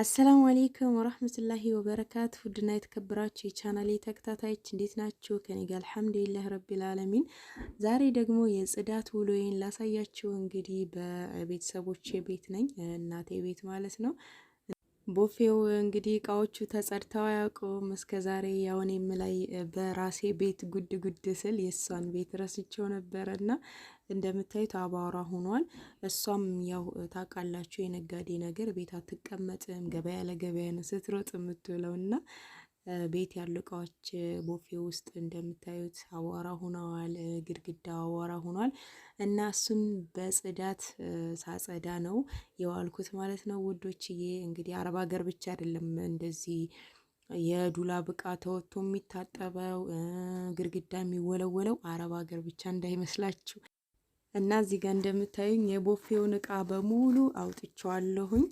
አሰላሙ አሌይኩም ወረህመቱላሂ ወበረካቱ ውድና የተከበራችሁ የቻናሌ ተከታታዮች እንዴት ናችሁ? ከኔ ጋር አልሐምዱሊላህ ረቢል አለሚን። ዛሬ ደግሞ የጽዳት ውሎዬን ላሳያችሁ። እንግዲህ በቤተሰቦቼ ቤት ነኝ፣ እናቴ ቤት ማለት ነው። ቦፌው እንግዲህ እቃዎቹ ተጸድተው አያውቁም እስከ ዛሬ። ያው እኔም ላይ በራሴ ቤት ጉድ ጉድ ስል የእሷን ቤት ረስቼው ነበረ እና እንደምታዩት አቧራ ሆኗል። እሷም ያው ታውቃላችሁ የነጋዴ ነገር ቤት አትቀመጥም፣ ገበያ ለገበያ ነው ስትሮጥ የምትውለው እና ቤት ያሉ እቃዎች ቦፌ ውስጥ እንደምታዩት አቧራ ሆነዋል። ግድግዳው አቧራ ሆኗል እና እሱን በጽዳት ሳጸዳ ነው የዋልኩት ማለት ነው ውዶችዬ። እንግዲህ አረብ ሀገር ብቻ አይደለም እንደዚህ የዱላ ብቃ ተወጥቶ የሚታጠበው ግድግዳ የሚወለወለው አረብ ሀገር ብቻ እንዳይመስላችሁ። እና እዚህ ጋር እንደምታዩኝ የቦፌውን እቃ በሙሉ አውጥቼዋለሁኝ።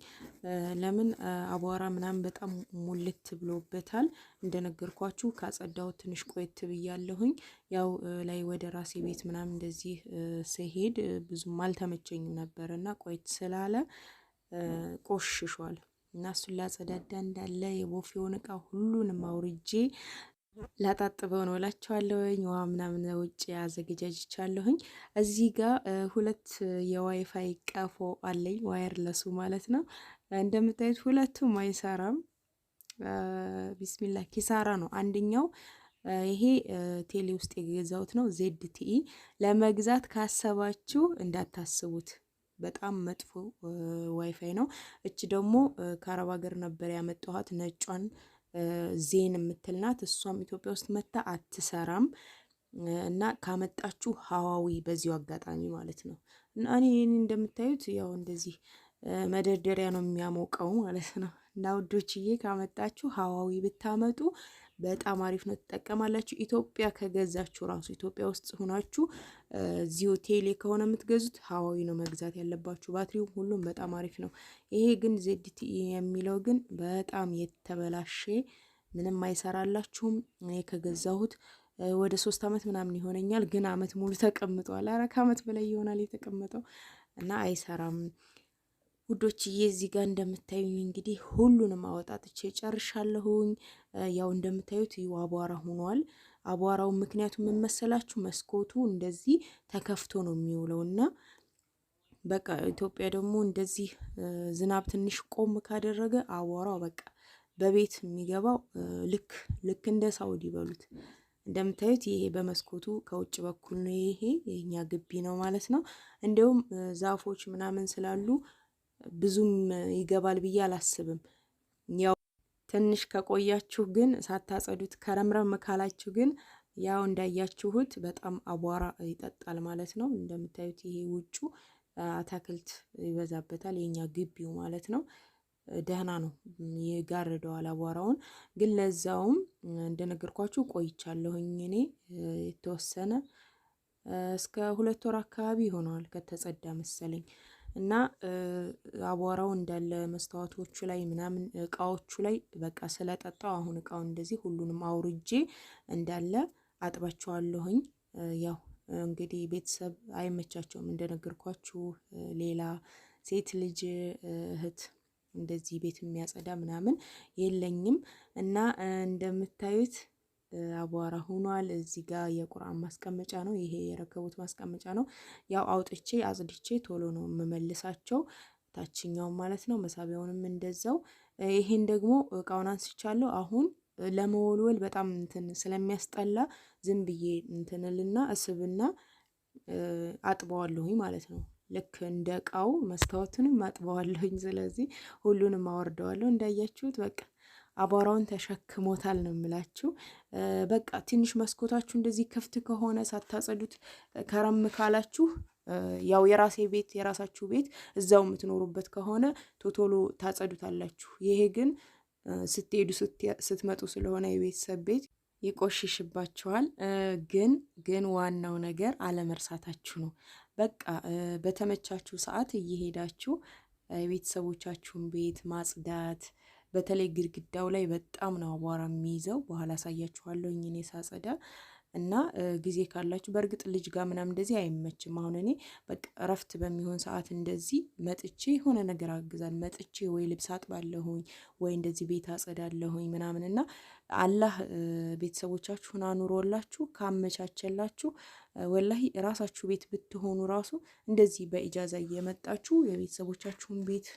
ለምን አቧራ ምናምን በጣም ሙልት ብሎበታል። እንደነገርኳችሁ ካጸዳሁት ትንሽ ቆየት ብያለሁኝ። ያው ላይ ወደ ራሴ ቤት ምናምን እንደዚህ ስሄድ ብዙም አልተመቸኝም ነበር እና ቆየት ስላለ ቆሽሿል እና እሱን ላጸዳዳ እንዳለ የቦፌውን እቃ ሁሉንም አውርጄ ላጣጥበው ነው እላቸዋለሁኝ። ውሃ ምናምን ውጭ አዘገጃጅቻለሁኝ። እዚህ ጋር ሁለት የዋይፋይ ቀፎ አለኝ፣ ዋየርለሱ ማለት ነው። እንደምታዩት ሁለቱም አይሰራም። ቢስሚላ ኪሳራ ነው። አንደኛው ይሄ ቴሌ ውስጥ የገዛሁት ነው፣ ዜድ ቲኢ። ለመግዛት ካሰባችሁ እንዳታስቡት በጣም መጥፎ ዋይፋይ ነው። እች ደግሞ ከአረብ ሀገር ነበር ያመጣኋት ነጯን ዜን የምትልናት እሷም ኢትዮጵያ ውስጥ መታ አትሰራም እና ካመጣችሁ ሀዋዊ በዚሁ አጋጣሚ ማለት ነው። እና እኔ ይህን እንደምታዩት ያው እንደዚህ መደርደሪያ ነው የሚያሞቀው ማለት ነው። እና ውዶችዬ ካመጣችሁ ሀዋዊ ብታመጡ በጣም አሪፍ ነው፣ ትጠቀማላችሁ። ኢትዮጵያ ከገዛችሁ ራሱ ኢትዮጵያ ውስጥ ሁናችሁ ዚዮ ቴሌ ከሆነ የምትገዙት ሀዋዊ ነው መግዛት ያለባችሁ። ባትሪውም ሁሉም በጣም አሪፍ ነው። ይሄ ግን ዜድቲ የሚለው ግን በጣም የተበላሸ ምንም አይሰራላችሁም። እኔ ከገዛሁት ወደ ሶስት አመት ምናምን ይሆነኛል፣ ግን አመት ሙሉ ተቀምጧል። አረ ከአመት በላይ ይሆናል የተቀመጠው እና አይሰራም ውዶችዬ እዚህ ጋር እንደምታዩኝ እንግዲህ ሁሉንም አወጣጥቼ ጨርሻለሁኝ። ያው እንደምታዩት አቧራ ሆኗል። አቧራው ምክንያቱም የምመሰላችሁ መስኮቱ እንደዚህ ተከፍቶ ነው የሚውለው እና በቃ ኢትዮጵያ ደግሞ እንደዚህ ዝናብ ትንሽ ቆም ካደረገ አቧራው በቃ በቤት የሚገባው ልክ ልክ እንደ ሳውዲ በሉት እንደምታዩት ይሄ በመስኮቱ ከውጭ በኩል ነው። ይሄ የኛ ግቢ ነው ማለት ነው። እንዲሁም ዛፎች ምናምን ስላሉ ብዙም ይገባል ብዬ አላስብም ያው ትንሽ ከቆያችሁ ግን ሳታጸዱት ከረምረም ካላችሁ ግን ያው እንዳያችሁት በጣም አቧራ ይጠጣል ማለት ነው። እንደምታዩት ይሄ ውጩ አታክልት ይበዛበታል የኛ ግቢው ማለት ነው። ደህና ነው ይጋርደዋል አቧራውን። ግን ለዛውም እንደነገርኳችሁ ቆይቻለሁኝ እኔ የተወሰነ እስከ ሁለት ወር አካባቢ ይሆነዋል ከተጸዳ መሰለኝ። እና አቧራው እንዳለ መስታወቶቹ ላይ ምናምን እቃዎቹ ላይ በቃ ስለጠጣው አሁን እቃው እንደዚህ ሁሉንም አውርጄ እንዳለ አጥባቸዋለሁኝ። ያው እንግዲህ ቤተሰብ አይመቻቸውም እንደነገርኳችሁ ሌላ ሴት ልጅ እህት እንደዚህ ቤት የሚያጸዳ ምናምን የለኝም እና እንደምታዩት አቧራ ሆኗል። እዚህ ጋር የቁርአን ማስቀመጫ ነው። ይሄ የረከቡት ማስቀመጫ ነው። ያው አውጥቼ አጽድቼ ቶሎ ነው የምመልሳቸው ታችኛውን ማለት ነው። መሳቢያውንም እንደዛው። ይሄን ደግሞ እቃውን አንስቻለሁ። አሁን ለመወልወል በጣም እንትን ስለሚያስጠላ ዝም ብዬ እንትንልና እስብና አጥበዋለሁኝ ማለት ነው። ልክ እንደ እቃው መስታወቱንም አጥበዋለሁኝ። ስለዚህ ሁሉንም አወርደዋለሁ እንዳያችሁት በቃ አቧራውን ተሸክሞታል ነው የምላችሁ። በቃ ትንሽ መስኮታችሁ እንደዚህ ክፍት ከሆነ ሳታጸዱት ከረም ካላችሁ ያው የራሴ ቤት የራሳችሁ ቤት እዛው የምትኖሩበት ከሆነ ቶቶሎ ታጸዱታላችሁ። ይሄ ግን ስትሄዱ ስትመጡ ስለሆነ የቤተሰብ ቤት ይቆሽሽባችኋል። ግን ግን ዋናው ነገር አለመርሳታችሁ ነው። በቃ በተመቻችሁ ሰዓት እየሄዳችሁ የቤተሰቦቻችሁን ቤት ማጽዳት በተለይ ግድግዳው ላይ በጣም ነው አቧራ የሚይዘው። በኋላ አሳያችኋለሁ እኔ ሳጸዳ እና ጊዜ ካላችሁ በእርግጥ ልጅ ጋር ምናምን እንደዚህ አይመችም። አሁን እኔ በቃ እረፍት በሚሆን ሰዓት እንደዚህ መጥቼ የሆነ ነገር አግዛል መጥቼ ወይ ልብስ አጥባለሁኝ ወይ እንደዚህ ቤት አጸዳለሁኝ ምናምን እና አላህ ቤተሰቦቻችሁን አኑሮላችሁ ካመቻቸላችሁ ወላሂ ራሳችሁ ቤት ብትሆኑ ራሱ እንደዚህ በኢጃዛ እየመጣችሁ የቤተሰቦቻችሁን ቤት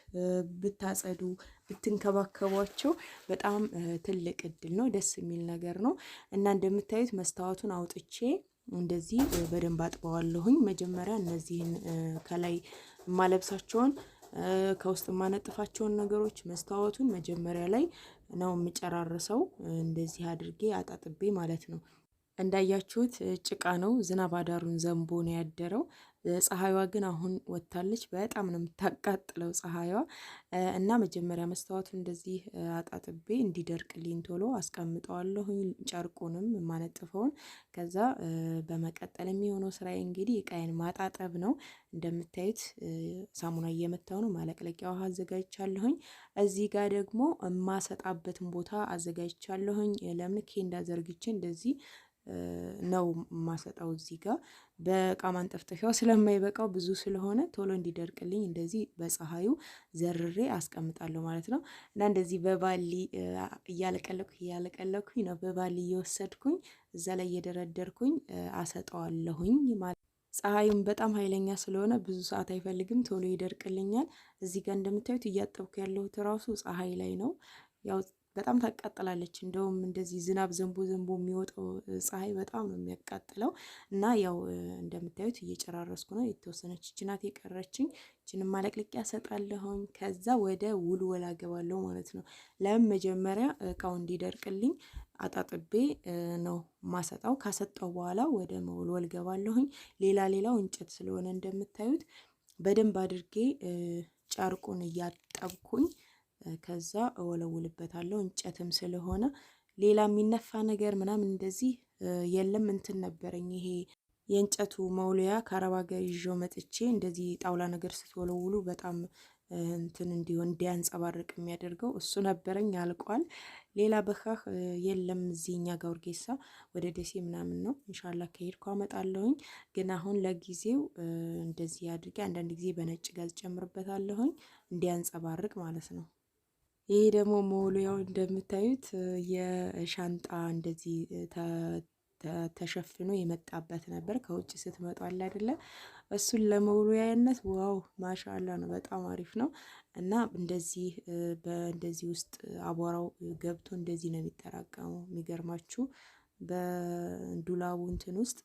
ብታጸዱ ብትንከባከቧቸው በጣም ትልቅ እድል ነው። ደስ የሚል ነገር ነው እና እንደምታዩት መስታወቱን አውጥቼ እንደዚህ በደንብ አጥበዋለሁኝ። መጀመሪያ እነዚህን ከላይ የማለብሳቸውን ከውስጥ የማነጥፋቸውን ነገሮች መስታወቱን መጀመሪያ ላይ ነው የምጨራርሰው። እንደዚህ አድርጌ አጣጥቤ ማለት ነው። እንዳያችሁት ጭቃ ነው። ዝናብ አዳሩን ዘንቦ ነው ያደረው። ፀሐይዋ ግን አሁን ወጥታለች። በጣም ነው የምታቃጥለው ፀሐይዋ እና መጀመሪያ መስታወቱ እንደዚህ አጣጥቤ እንዲደርቅልኝ ቶሎ አስቀምጠዋለሁኝ ጨርቁንም የማነጥፈውን። ከዛ በመቀጠል የሚሆነው ስራ እንግዲህ እቃዬን ማጣጠብ ነው። እንደምታዩት ሳሙና እየመታው ነው። ማለቅለቂያ ውሃ አዘጋጅቻለሁኝ። እዚህ ጋር ደግሞ የማሰጣበትን ቦታ አዘጋጅቻለሁኝ። ለምን ኬንዳ ዘርግቼ እንደዚህ ነው የማሰጠው እዚህ ጋር በእቃ ማንጠፍጠፊያው ስለማይበቃው ብዙ ስለሆነ ቶሎ እንዲደርቅልኝ እንደዚህ በፀሐዩ ዘርሬ አስቀምጣለሁ ማለት ነው። እና እንደዚህ በባሊ እያለቀለኩ እያለቀለኩኝ ነው በባሊ እየወሰድኩኝ እዛ ላይ እየደረደርኩኝ አሰጠዋለሁኝ ማለት ፀሐዩም በጣም ኃይለኛ ስለሆነ ብዙ ሰዓት አይፈልግም፣ ቶሎ ይደርቅልኛል። እዚህ ጋር እንደምታዩት እያጠብኩ ያለሁት ራሱ ፀሐይ ላይ ነው ያው በጣም ታቃጥላለች። እንደውም እንደዚህ ዝናብ ዘንቦ ዘንቦ የሚወጣው ፀሐይ በጣም ነው የሚያቃጥለው። እና ያው እንደምታዩት እየጨራረስኩ ነው። የተወሰነች ችናት የቀረችኝ ችንም ማለቅልቅ ያሰጣለሁኝ። ከዛ ወደ ውልወላ ገባለሁ ማለት ነው። ለምን መጀመሪያ እቃው እንዲደርቅልኝ አጣጥቤ ነው ማሰጣው። ካሰጣው በኋላ ወደ መወልወል ገባለሁኝ። ሌላ ሌላው እንጨት ስለሆነ እንደምታዩት በደንብ አድርጌ ጨርቁን እያጠብኩኝ ከዛ እወለውልበታለሁ። እንጨትም ስለሆነ ሌላ የሚነፋ ነገር ምናምን እንደዚህ የለም። እንትን ነበረኝ ይሄ የእንጨቱ መውለያ ከአረብ ሀገር ይዤው መጥቼ እንደዚህ ጣውላ ነገር ስትወለውሉ በጣም እንትን እንዲሆን እንዲያንጸባርቅ የሚያደርገው እሱ ነበረኝ፣ አልቋል። ሌላ በካህ የለም። እዚህ እኛ ጋር ወደ ደሴ ምናምን ነው እንሻላ ከሄድኩ አመጣለሁኝ። ግን አሁን ለጊዜው እንደዚህ አድርጌ አንዳንድ ጊዜ በነጭ ጋዝ ጨምርበታለሁኝ እንዲያንጸባርቅ ማለት ነው። ይሄ ደግሞ መወልወያው እንደምታዩት የሻንጣ እንደዚህ ተሸፍኖ የመጣበት ነበር። ከውጭ ስትመጡ አለ አይደለ? እሱን ለመወልወያነት ዋው ማሻላ ነው። በጣም አሪፍ ነው እና እንደዚህ በእንደዚህ ውስጥ አቧራው ገብቶ እንደዚህ ነው የሚጠራቀመው። የሚገርማችሁ በዱላቡ እንትን ውስጥ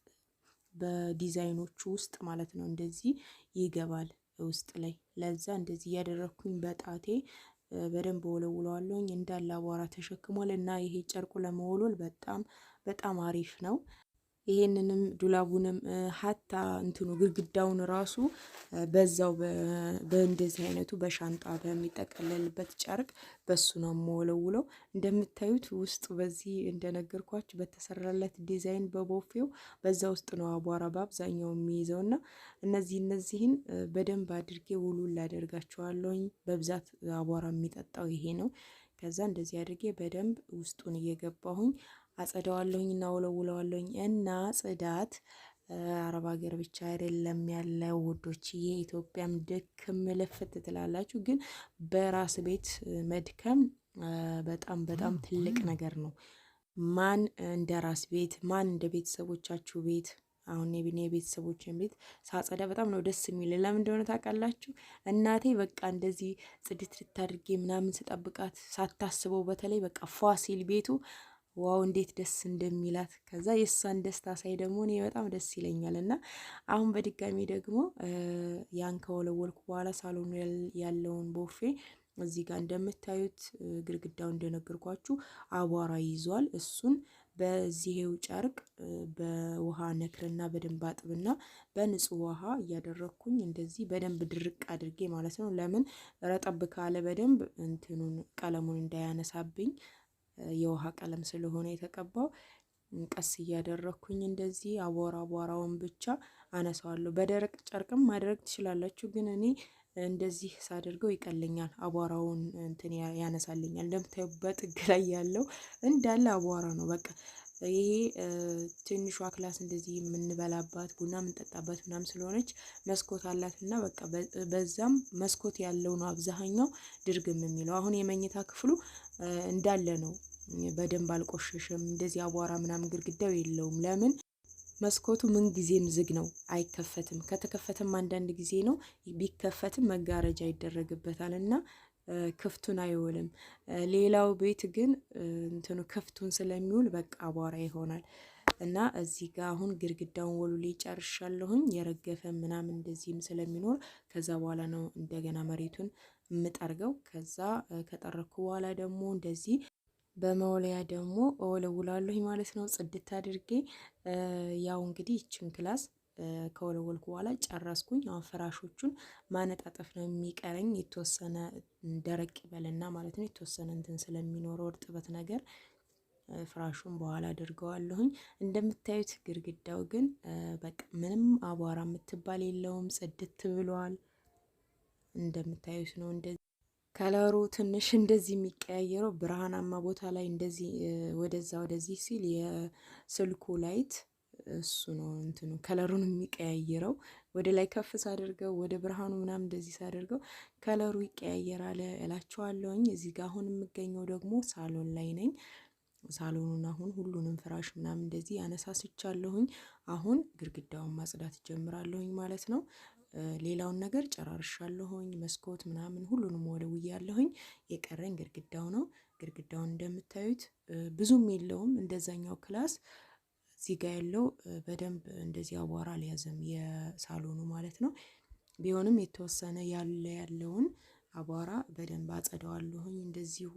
በዲዛይኖቹ ውስጥ ማለት ነው እንደዚህ ይገባል ውስጥ ላይ ለዛ እንደዚህ እያደረግኩኝ በጣቴ በደንብ ወለውለዋለሁኝ። እንዳለ አቧራ ተሸክሟል እና ይሄ ጨርቁ ለመወልወል በጣም በጣም አሪፍ ነው። ይሄንንም ዱላቡንም ሀታ እንትኑ ግድግዳውን ራሱ በዛው በእንደዚህ አይነቱ በሻንጣ በሚጠቀለልበት ጨርቅ በሱ ነው የምወለውለው። እንደምታዩት ውስጡ በዚህ እንደነገርኳችሁ በተሰራለት ዲዛይን በቦፌው በዛ ውስጥ ነው አቧራ በአብዛኛው የሚይዘው እና እነዚህ እነዚህን በደንብ አድርጌ ውሉ ላደርጋቸዋለውኝ። በብዛት አቧራ የሚጠጣው ይሄ ነው። ከዛ እንደዚህ አድርጌ በደንብ ውስጡን እየገባሁኝ አጸደዋለሁኝ እና ወለውለዋለሁኝ እና ጽዳት አረብ ሀገር ብቻ አይደለም ያለው ውዶች የኢትዮጵያም ድክም ልፍት ትላላችሁ። ግን በራስ ቤት መድከም በጣም በጣም ትልቅ ነገር ነው። ማን እንደ ራስ ቤት ማን እንደ ቤተሰቦቻችሁ ቤት አሁን የቢኔ ቤተሰቦችን ቤት ሳጸዳ በጣም ነው ደስ የሚል። ለምን እንደሆነ ታውቃላችሁ? እናቴ በቃ እንደዚህ ጽድት ልታድርጌ ምናምን ስጠብቃት ሳታስበው በተለይ በቃ ፏ ሲል ቤቱ ዋው እንዴት ደስ እንደሚላት ከዛ የእሷን ደስታ ሳይ ደግሞ እኔ በጣም ደስ ይለኛል። እና አሁን በድጋሚ ደግሞ ያን ከወለወልኩ በኋላ ሳሎኑ ያለውን ቦፌ እዚህ ጋር እንደምታዩት ግድግዳው እንደነገርኳችሁ አቧራ ይዟል። እሱን በዚሄው ጨርቅ በውሃ ነክርና በደንብ አጥብና በንጹህ ውሃ እያደረግኩኝ እንደዚህ በደንብ ድርቅ አድርጌ ማለት ነው። ለምን ረጠብ ካለ በደንብ እንትኑን ቀለሙን እንዳያነሳብኝ የውሃ ቀለም ስለሆነ የተቀባው ቀስ እያደረግኩኝ እንደዚህ አቧራ አቧራውን ብቻ አነሳዋለሁ። በደረቅ ጨርቅም ማድረግ ትችላላችሁ፣ ግን እኔ እንደዚህ ሳደርገው ይቀልኛል፣ አቧራውን እንትን ያነሳልኛል። እንደምታዩ በጥግ ላይ ያለው እንዳለ አቧራ ነው። በቃ ይሄ ትንሿ ክላስ እንደዚህ የምንበላባት ቡና የምንጠጣባት ምናም ስለሆነች መስኮት አላት እና በቃ በዛም መስኮት ያለው ነው አብዛኛው ድርግም የሚለው። አሁን የመኝታ ክፍሉ እንዳለ ነው። በደንብ አልቆሸሸም። እንደዚህ አቧራ ምናምን ግድግዳው የለውም። ለምን መስኮቱ ምን ጊዜም ዝግ ነው፣ አይከፈትም። ከተከፈተም አንዳንድ ጊዜ ነው፣ ቢከፈትም መጋረጃ ይደረግበታል እና ክፍቱን አይውልም። ሌላው ቤት ግን እንትኑ ክፍቱን ስለሚውል በቃ አቧራ ይሆናል እና እዚህ ጋር አሁን ግድግዳውን ላይ ጨርሻለሁኝ። የረገፈ ምናምን እንደዚህም ስለሚኖር ከዛ በኋላ ነው እንደገና መሬቱን የምጠርገው። ከዛ ከጠረኩ በኋላ ደግሞ እንደዚህ በመወለያ ደግሞ እወለውላለሁኝ ማለት ነው። ጽድት አድርጌ ያው እንግዲህ ይችን ክላስ ከወለወልኩ በኋላ ጨረስኩኝ። አሁን ፍራሾቹን ማነጣጠፍ ነው የሚቀረኝ። የተወሰነ ደረቅ ይበልና ማለት ነው የተወሰነ እንትን ስለሚኖረው እርጥበት ነገር ፍራሹን በኋላ አድርገዋለሁኝ። እንደምታዩት ግድግዳው ግን በቃ ምንም አቧራ የምትባል የለውም፣ ጽድት ብሏል። እንደምታዩት ነው። እንደዚህ ከለሩ ትንሽ እንደዚህ የሚቀያየረው ብርሃናማ ቦታ ላይ እንደዚህ ወደዛ ወደዚህ ሲል የስልኩ ላይት እሱ ነው እንትኑ ከለሩን የሚቀያየረው ወደ ላይ ከፍ ሳደርገው ወደ ብርሃኑ ምናምን እንደዚህ ሳደርገው ከለሩ ይቀያየራል እላቸዋለሁኝ እዚህ ጋር አሁን የምገኘው ደግሞ ሳሎን ላይ ነኝ። ሳሎኑን አሁን ሁሉንም ፍራሽ ምናምን እንደዚህ አነሳስቻለሁኝ። አሁን ግድግዳውን ማጽዳት ጀምራለሁኝ ማለት ነው። ሌላውን ነገር ጨራርሻለሁኝ። መስኮት ምናምን ሁሉንም ወለውያለሁኝ። የቀረኝ ግድግዳው ነው። ግድግዳውን እንደምታዩት ብዙም የለውም እንደዛኛው ክላስ ዚጋ ያለው በደንብ እንደዚህ አቧራ አልያዘም፣ የሳሎኑ ማለት ነው። ቢሆንም የተወሰነ ያለ ያለውን አቧራ በደንብ አጸደዋለሁኝ። እንደዚሁ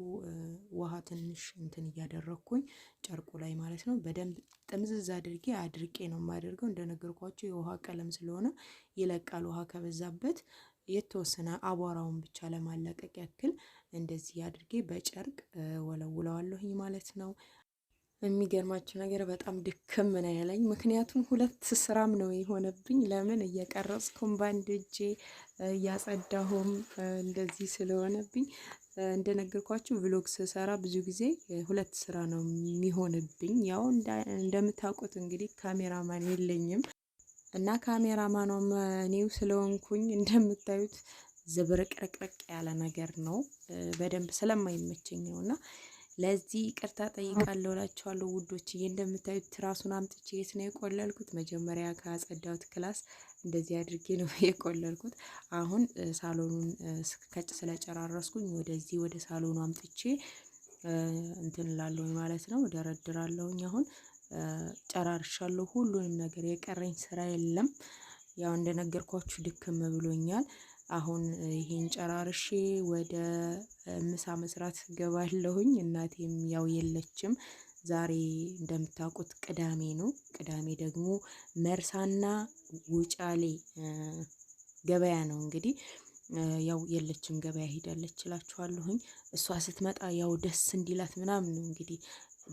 ውሃ ትንሽ እንትን እያደረግኩኝ ጨርቆ ላይ ማለት ነው። በደንብ ጥምዝዝ አድርጌ አድርቄ ነው የማደርገው። እንደነገርኳቸው የውሃ ቀለም ስለሆነ ይለቃል። ውሃ ከበዛበት የተወሰነ አቧራውን ብቻ ለማለቀቅ ያክል እንደዚህ አድርጌ በጨርቅ ወለውለዋለሁኝ ማለት ነው። የሚገርማችሁ ነገር በጣም ድክም ነው ያለኝ፣ ምክንያቱም ሁለት ስራም ነው የሆነብኝ። ለምን እየቀረጽኩም በአንድ እጄ እያጸዳሁም እንደዚህ ስለሆነብኝ እንደነገርኳችሁ ቪሎግ ስሰራ ብዙ ጊዜ ሁለት ስራ ነው የሚሆንብኝ። ያው እንደምታውቁት እንግዲህ ካሜራማን የለኝም እና ካሜራማኗም እኔው ስለሆንኩኝ እንደምታዩት ዝብርቅርቅርቅ ያለ ነገር ነው። በደንብ ስለማይመቸኝ ነው እና ለዚህ ይቅርታ ጠይቃለሁ ውዶች ውዶችዬ። እንደምታዩት ትራሱን አምጥቼ የት ነው የቆለልኩት? መጀመሪያ ከጸዳሁት ክላስ እንደዚህ አድርጌ ነው የቆለልኩት። አሁን ሳሎኑን ከጭ ስለጨራረስኩኝ ወደዚህ ወደ ሳሎኑ አምጥቼ እንትን ላለሁኝ ማለት ነው ደረድራለሁኝ። አሁን ጨራርሻለሁ ሁሉንም ነገር፣ የቀረኝ ስራ የለም። ያው እንደነገርኳችሁ ድክም ብሎኛል። አሁን ይህን ጨራርሼ ወደ ምሳ መስራት ገባለሁኝ። እናቴም ያው የለችም። ዛሬ እንደምታውቁት ቅዳሜ ነው። ቅዳሜ ደግሞ መርሳና ውጫሌ ገበያ ነው እንግዲህ ያው የለችም ገበያ ሄዳለች እላችኋለሁኝ። እሷ ስትመጣ ያው ደስ እንዲላት ምናምን ነው እንግዲህ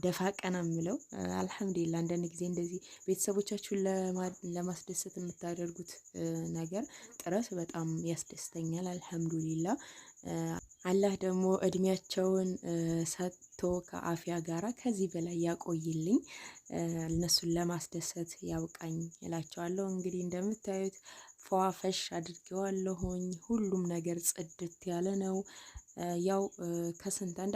ደፋ ቀና የምለው አልሐምዱሊላ። አንዳንድ ጊዜ እንደዚህ ቤተሰቦቻችሁን ለማስደሰት የምታደርጉት ነገር ጥረት በጣም ያስደስተኛል። አልሐምዱሊላ። አላህ ደግሞ እድሜያቸውን ሰጥቶ ከአፊያ ጋራ ከዚህ በላይ ያቆይልኝ፣ እነሱን ለማስደሰት ያብቃኝ እላቸዋለሁ። እንግዲህ እንደምታዩት ፏፈሽ አድርጌዋለሁኝ። ሁሉም ነገር ጽድት ያለ ነው። ያው ከስንት አንድ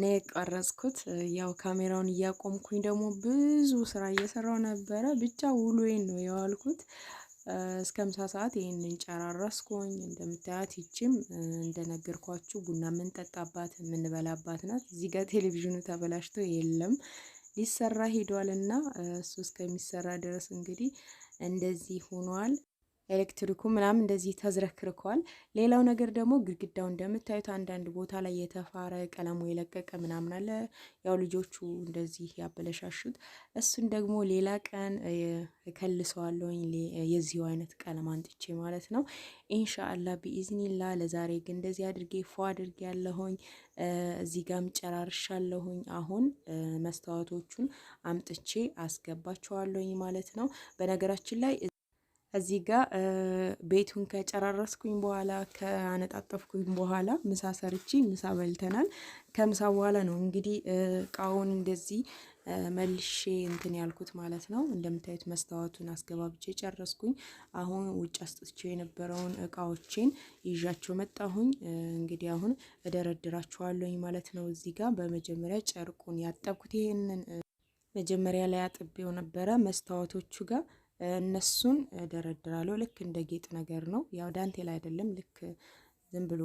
ነው የቀረጽኩት። ያው ካሜራውን እያቆምኩኝ ደግሞ ብዙ ስራ እየሰራው ነበረ። ብቻ ውሎዬን ነው የዋልኩት። እስከ ምሳ ሰዓት ይህንን ጨራረስኩኝ። እንደምታያት ይችም እንደነገርኳችሁ ቡና የምንጠጣባት የምንበላባት ናት። እዚህ ጋር ቴሌቪዥኑ ተበላሽቶ የለም ሊሰራ ሂዷል እና እሱ እስከሚሰራ ድረስ እንግዲህ እንደዚህ ሆኗል። ኤሌክትሪኩ ምናምን እንደዚህ ተዝረክርከዋል። ሌላው ነገር ደግሞ ግድግዳው እንደምታዩት አንዳንድ ቦታ ላይ የተፋረ ቀለሙ የለቀቀ ምናምን አለ። ያው ልጆቹ እንደዚህ ያበለሻሹት። እሱን ደግሞ ሌላ ቀን እከልሰዋለሁኝ የዚሁ አይነት ቀለም አንጥቼ ማለት ነው። ኢንሻአላ ቢኢዝኒላ። ለዛሬ ግን እንደዚህ አድርጌ ፎ አድርጌ ያለሁኝ እዚህ ጋም ጨራርሻለሁኝ። አሁን መስተዋቶቹን አምጥቼ አስገባቸዋለሁኝ ማለት ነው። በነገራችን ላይ እዚህ ጋር ቤቱን ከጨራረስኩኝ በኋላ ከአነጣጠፍኩኝ በኋላ ምሳ ሰርቺ ምሳ በልተናል። ከምሳ በኋላ ነው እንግዲህ እቃውን እንደዚህ መልሼ እንትን ያልኩት ማለት ነው። እንደምታዩት መስታወቱን አስገባብቼ ጨረስኩኝ። አሁን ውጭ አስጥቼ የነበረውን እቃዎቼን ይዣቸው መጣሁኝ። እንግዲህ አሁን እደረድራችኋለኝ ማለት ነው። እዚህ ጋር በመጀመሪያ ጨርቁን ያጠብኩት ይሄንን መጀመሪያ ላይ አጥቤው ነበረ መስታወቶቹ ጋር እነሱን ደረድራለሁ። ልክ እንደ ጌጥ ነገር ነው። ያው ዳንቴል አይደለም፣ ልክ ዝም ብሎ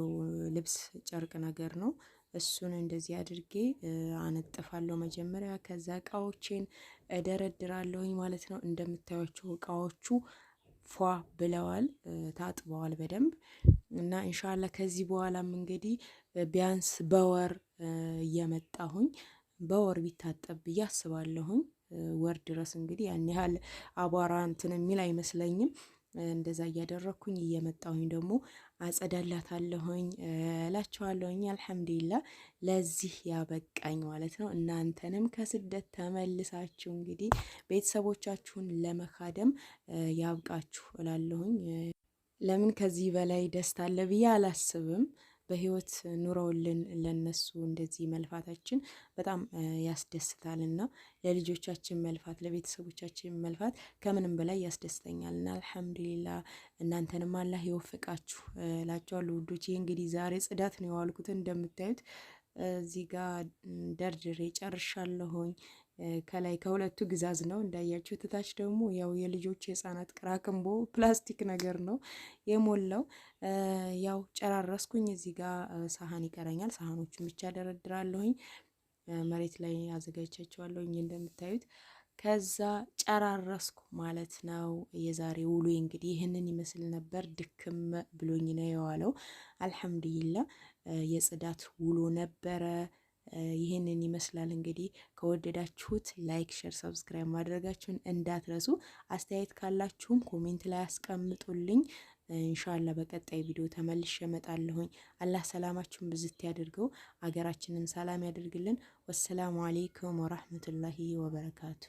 ልብስ ጨርቅ ነገር ነው። እሱን እንደዚህ አድርጌ አነጥፋለሁ መጀመሪያ። ከዛ እቃዎቼን እደረድራለሁኝ ማለት ነው። እንደምታዩቸው እቃዎቹ ፏ ብለዋል፣ ታጥበዋል በደንብ እና እንሻላ ከዚህ በኋላም እንግዲህ ቢያንስ በወር እየመጣሁኝ በወር ቢታጠብ ብዬ አስባለሁኝ። ወር ድረስ እንግዲህ ያን ያህል አቧራ እንትን የሚል አይመስለኝም። እንደዛ እያደረግኩኝ እየመጣሁኝ ደግሞ አጸዳላታለሁኝ እላችኋለሁኝ። አልሐምዱሊላ ለዚህ ያበቃኝ ማለት ነው። እናንተንም ከስደት ተመልሳችሁ እንግዲህ ቤተሰቦቻችሁን ለመካደም ያብቃችሁ እላለሁኝ። ለምን ከዚህ በላይ ደስታ አለ ብዬ አላስብም። በህይወት ኑረውልን ለነሱ እንደዚህ መልፋታችን በጣም ያስደስታል እና ለልጆቻችን መልፋት፣ ለቤተሰቦቻችን መልፋት ከምንም በላይ ያስደስተኛል እና አልሐምዱሊላ። እናንተንም አላህ ይወፍቃችሁ ውዶች ይህ እንግዲህ ዛሬ ጽዳት ነው የዋልኩትን እንደምታዩት እዚህ ጋር ደርድሬ ጨርሻለሁኝ። ከላይ ከሁለቱ ግዛዝ ነው እንዳያቸው። ትታች ደግሞ ያው የልጆች የህፃናት ቅራቅንቦ ፕላስቲክ ነገር ነው የሞላው። ያው ጨራረስኩኝ። እዚህ ጋር ሳህን ይቀረኛል። ሳህኖቹን ብቻ ደረድራለሁኝ። መሬት ላይ አዘጋጅቻቸዋለሁኝ እንደምታዩት። ከዛ ጨራረስኩ ማለት ነው። የዛሬ ውሎ እንግዲህ ይህንን ይመስል ነበር። ድክም ብሎኝ ነው የዋለው። አልሐምዱሊላ የጽዳት ውሎ ነበረ። ይህንን ይመስላል እንግዲህ። ከወደዳችሁት ላይክ፣ ሸር፣ ሰብስክራይብ ማድረጋችሁን እንዳትረሱ። አስተያየት ካላችሁም ኮሜንት ላይ አስቀምጡልኝ። እንሻላ በቀጣይ ቪዲዮ ተመልሼ እመጣለሁኝ። አላህ ሰላማችሁን ብዝት ያድርገው፣ አገራችንን ሰላም ያድርግልን። ወሰላሙ አሌይኩም ወራህመቱላሂ ወበረካቱ